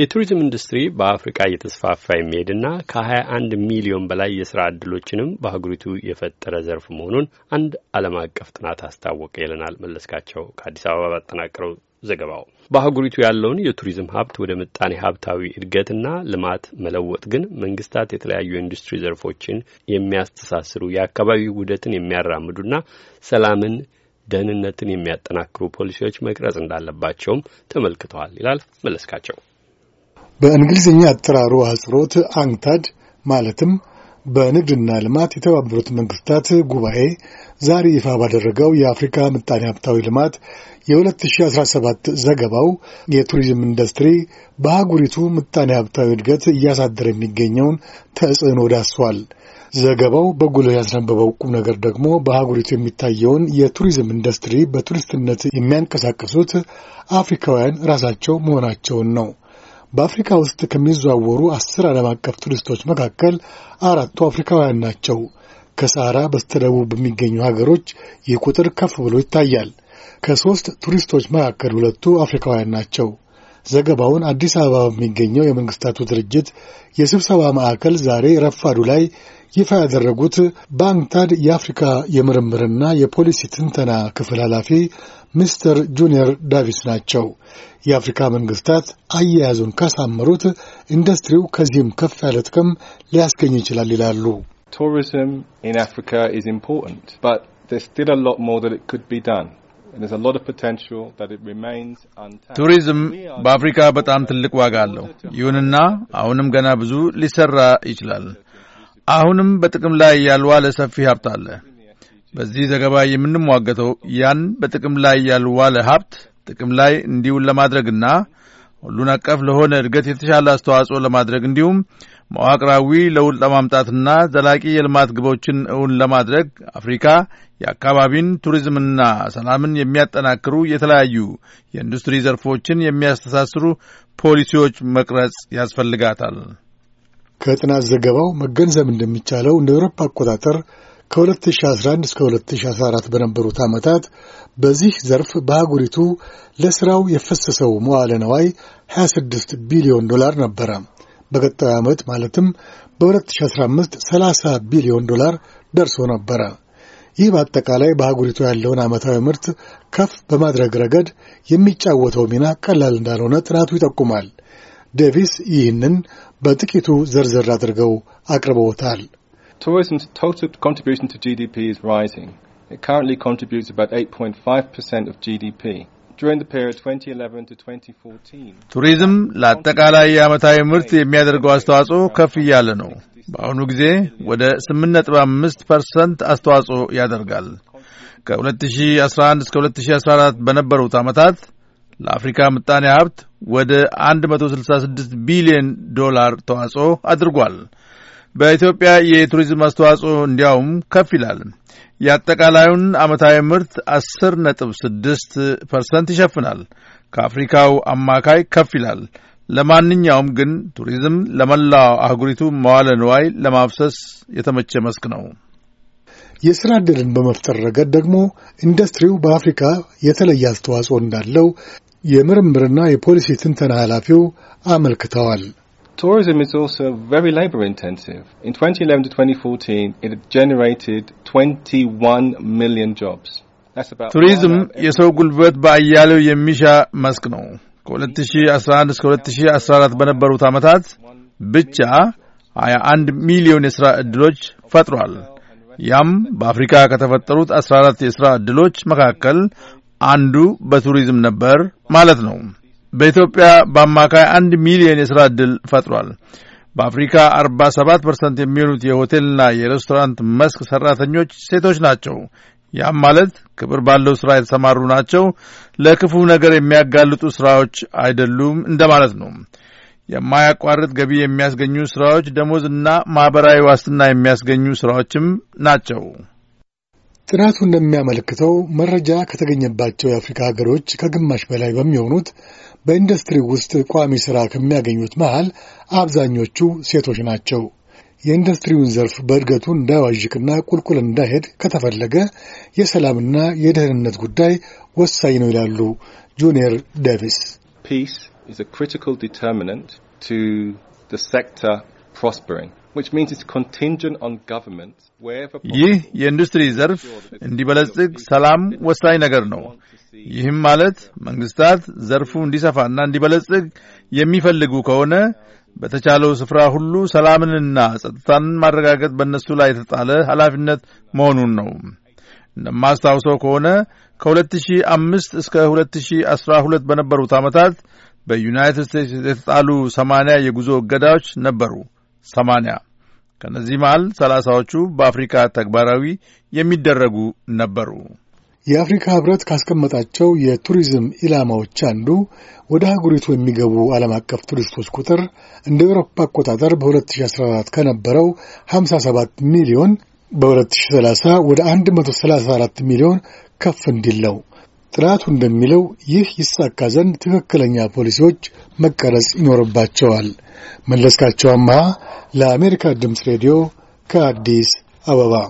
የቱሪዝም ኢንዱስትሪ በአፍሪቃ እየተስፋፋ የሚሄድና ከ21 ሚሊዮን በላይ የስራ ዕድሎችንም በአህጉሪቱ የፈጠረ ዘርፍ መሆኑን አንድ ዓለም አቀፍ ጥናት አስታወቀ ይለናል መለስካቸው ከአዲስ አበባ ባጠናቀረው ዘገባው። በአህጉሪቱ ያለውን የቱሪዝም ሀብት ወደ ምጣኔ ሀብታዊ እድገትና ልማት መለወጥ ግን መንግስታት የተለያዩ የኢንዱስትሪ ዘርፎችን የሚያስተሳስሩ የአካባቢ ውህደትን የሚያራምዱና ሰላምን ደህንነትን የሚያጠናክሩ ፖሊሲዎች መቅረጽ እንዳለባቸውም ተመልክተዋል ይላል መለስካቸው። በእንግሊዝኛ አጠራሩ አጽሮት አንክታድ ማለትም በንግድና ልማት የተባበሩት መንግስታት ጉባኤ ዛሬ ይፋ ባደረገው የአፍሪካ ምጣኔ ሀብታዊ ልማት የ2017 ዘገባው የቱሪዝም ኢንዱስትሪ በአህጉሪቱ ምጣኔ ሀብታዊ እድገት እያሳደረ የሚገኘውን ተጽዕኖ ዳስሷል። ዘገባው በጉልህ ያስነበበው ቁም ነገር ደግሞ በአህጉሪቱ የሚታየውን የቱሪዝም ኢንዱስትሪ በቱሪስትነት የሚያንቀሳቀሱት አፍሪካውያን ራሳቸው መሆናቸውን ነው። በአፍሪካ ውስጥ ከሚዘዋወሩ አስር ዓለም አቀፍ ቱሪስቶች መካከል አራቱ አፍሪካውያን ናቸው። ከሰሃራ በስተደቡብ በሚገኙ ሀገሮች ይህ ቁጥር ከፍ ብሎ ይታያል። ከሦስት ቱሪስቶች መካከል ሁለቱ አፍሪካውያን ናቸው። ዘገባውን አዲስ አበባ በሚገኘው የመንግስታቱ ድርጅት የስብሰባ ማዕከል ዛሬ ረፋዱ ላይ ይፋ ያደረጉት በአንክታድ የአፍሪካ የምርምርና የፖሊሲ ትንተና ክፍል ኃላፊ ሚስተር ጁኒየር ዳቪስ ናቸው። የአፍሪካ መንግስታት አያያዙን ካሳመሩት ኢንዱስትሪው ከዚህም ከፍ ያለ ጥቅም ሊያስገኝ ይችላል ይላሉ። ቱሪዝም ኢን አፍሪካ ኢዝ ኢምፖርታንት በት ስቲል ሎት ሞር ኢት ኩድ ቢ ዳን ቱሪዝም በአፍሪካ በጣም ትልቅ ዋጋ አለው። ይሁንና አሁንም ገና ብዙ ሊሰራ ይችላል። አሁንም በጥቅም ላይ ያልዋለ ሰፊ ሀብት አለ። በዚህ ዘገባ የምንሟገተው ያን በጥቅም ላይ ያልዋለ ሀብት ጥቅም ላይ እንዲውል ለማድረግና ሁሉን አቀፍ ለሆነ እድገት የተሻለ አስተዋጽኦ ለማድረግ እንዲሁም መዋቅራዊ ለውጥ ለማምጣትና ዘላቂ የልማት ግቦችን እውን ለማድረግ አፍሪካ የአካባቢን ቱሪዝምና ሰላምን የሚያጠናክሩ የተለያዩ የኢንዱስትሪ ዘርፎችን የሚያስተሳስሩ ፖሊሲዎች መቅረጽ ያስፈልጋታል። ከጥናት ዘገባው መገንዘብ እንደሚቻለው እንደ አውሮፓ አቆጣጠር ከ2011 እስከ 2014 በነበሩት ዓመታት በዚህ ዘርፍ በአህጉሪቱ ለሥራው የፈሰሰው መዋለ ነዋይ 26 ቢሊዮን ዶላር ነበረ። በቀጣዩ ዓመት ማለትም በ2015 30 ቢሊዮን ዶላር ደርሶ ነበረ። ይህ በአጠቃላይ በአህጉሪቱ ያለውን ዓመታዊ ምርት ከፍ በማድረግ ረገድ የሚጫወተው ሚና ቀላል እንዳልሆነ ጥናቱ ይጠቁማል። ዴቪስ ይህንን በጥቂቱ ዘርዘር አድርገው አቅርበውታል። ቱሪዝም ቱሪዝም ለአጠቃላይ የዓመታዊ ምርት የሚያደርገው አስተዋጽኦ ከፍ እያለ ነው። በአሁኑ ጊዜ ወደ 8.5 ፐርሰንት አስተዋጽኦ ያደርጋል። ከ2011 እስከ 2014 በነበሩት ዓመታት ለአፍሪካ ምጣኔ ሀብት ወደ 166 ቢሊዮን ዶላር ተዋጽኦ አድርጓል። በኢትዮጵያ የቱሪዝም አስተዋጽኦ እንዲያውም ከፍ ይላል። የአጠቃላዩን ዓመታዊ ምርት አስር ነጥብ ስድስት ፐርሰንት ይሸፍናል። ከአፍሪካው አማካይ ከፍ ይላል። ለማንኛውም ግን ቱሪዝም ለመላው አህጉሪቱ መዋለ ንዋይ ለማፍሰስ የተመቸ መስክ ነው። የሥራ ዕድልን በመፍጠር ረገድ ደግሞ ኢንዱስትሪው በአፍሪካ የተለየ አስተዋጽኦ እንዳለው የምርምርና የፖሊሲ ትንተና ኃላፊው አመልክተዋል። Tourism is also very labor intensive. In 2011 to 2014, it generated 21 million jobs. ቱሪዝም የሰው ጉልበት በአያሌው የሚሻ መስክ ነው። ከ2011 እስከ 2014 በነበሩት ዓመታት ብቻ 21 ሚሊዮን የሥራ ዕድሎች ፈጥሯል። ያም በአፍሪካ ከተፈጠሩት 14 የሥራ ዕድሎች መካከል አንዱ በቱሪዝም ነበር ማለት ነው። በኢትዮጵያ በአማካይ አንድ ሚሊዮን የሥራ ዕድል ፈጥሯል። በአፍሪካ 47 ፐርሰንት የሚሆኑት የሆቴልና የሬስቶራንት መስክ ሠራተኞች ሴቶች ናቸው። ያም ማለት ክብር ባለው ሥራ የተሰማሩ ናቸው። ለክፉ ነገር የሚያጋልጡ ሥራዎች አይደሉም እንደማለት ነው። የማያቋርጥ ገቢ የሚያስገኙ ሥራዎች፣ ደሞዝ እና ማኅበራዊ ዋስትና የሚያስገኙ ሥራዎችም ናቸው። ጥናቱ እንደሚያመለክተው መረጃ ከተገኘባቸው የአፍሪካ ሀገሮች ከግማሽ በላይ በሚሆኑት በኢንዱስትሪ ውስጥ ቋሚ ሥራ ከሚያገኙት መሃል አብዛኞቹ ሴቶች ናቸው። የኢንዱስትሪውን ዘርፍ በእድገቱ እንዳይዋዥቅና ቁልቁል እንዳይሄድ ከተፈለገ የሰላምና የደህንነት ጉዳይ ወሳኝ ነው ይላሉ ጁኒየር ዴቪስ። ፒስ ኢዝ ክሪቲካል ዲተርሚናንት ቱ ዘ ሴክተር ፕሮስፐሪንግ ይህ የኢንዱስትሪ ዘርፍ እንዲበለጽግ ሰላም ወሳኝ ነገር ነው። ይህም ማለት መንግስታት ዘርፉ እንዲሰፋና እንዲበለጽግ የሚፈልጉ ከሆነ በተቻለው ስፍራ ሁሉ ሰላምንና ጸጥታን ማረጋገጥ በእነሱ ላይ የተጣለ ኃላፊነት መሆኑን ነው። እንደማስታውሰው ከሆነ ከ2005 እስከ 2012 በነበሩት ዓመታት በዩናይትድ ስቴትስ የተጣሉ 80 የጉዞ እገዳዎች ነበሩ። 80 ከእነዚህ መሃል ሰላሳዎቹ በአፍሪካ ተግባራዊ የሚደረጉ ነበሩ። የአፍሪካ ህብረት ካስቀመጣቸው የቱሪዝም ኢላማዎች አንዱ ወደ ሀገሪቱ የሚገቡ ዓለም አቀፍ ቱሪስቶች ቁጥር እንደ ኤውሮፓ አቆጣጠር በ2014 ከነበረው 57 ሚሊዮን በ2030 ወደ 134 ሚሊዮን ከፍ እንዲል ነው። ጥናቱ እንደሚለው ይህ ይሳካ ዘንድ ትክክለኛ ፖሊሲዎች መቀረጽ ይኖርባቸዋል። መለስካቸው አመሃ ለአሜሪካ ድምፅ ሬዲዮ ከአዲስ አበባ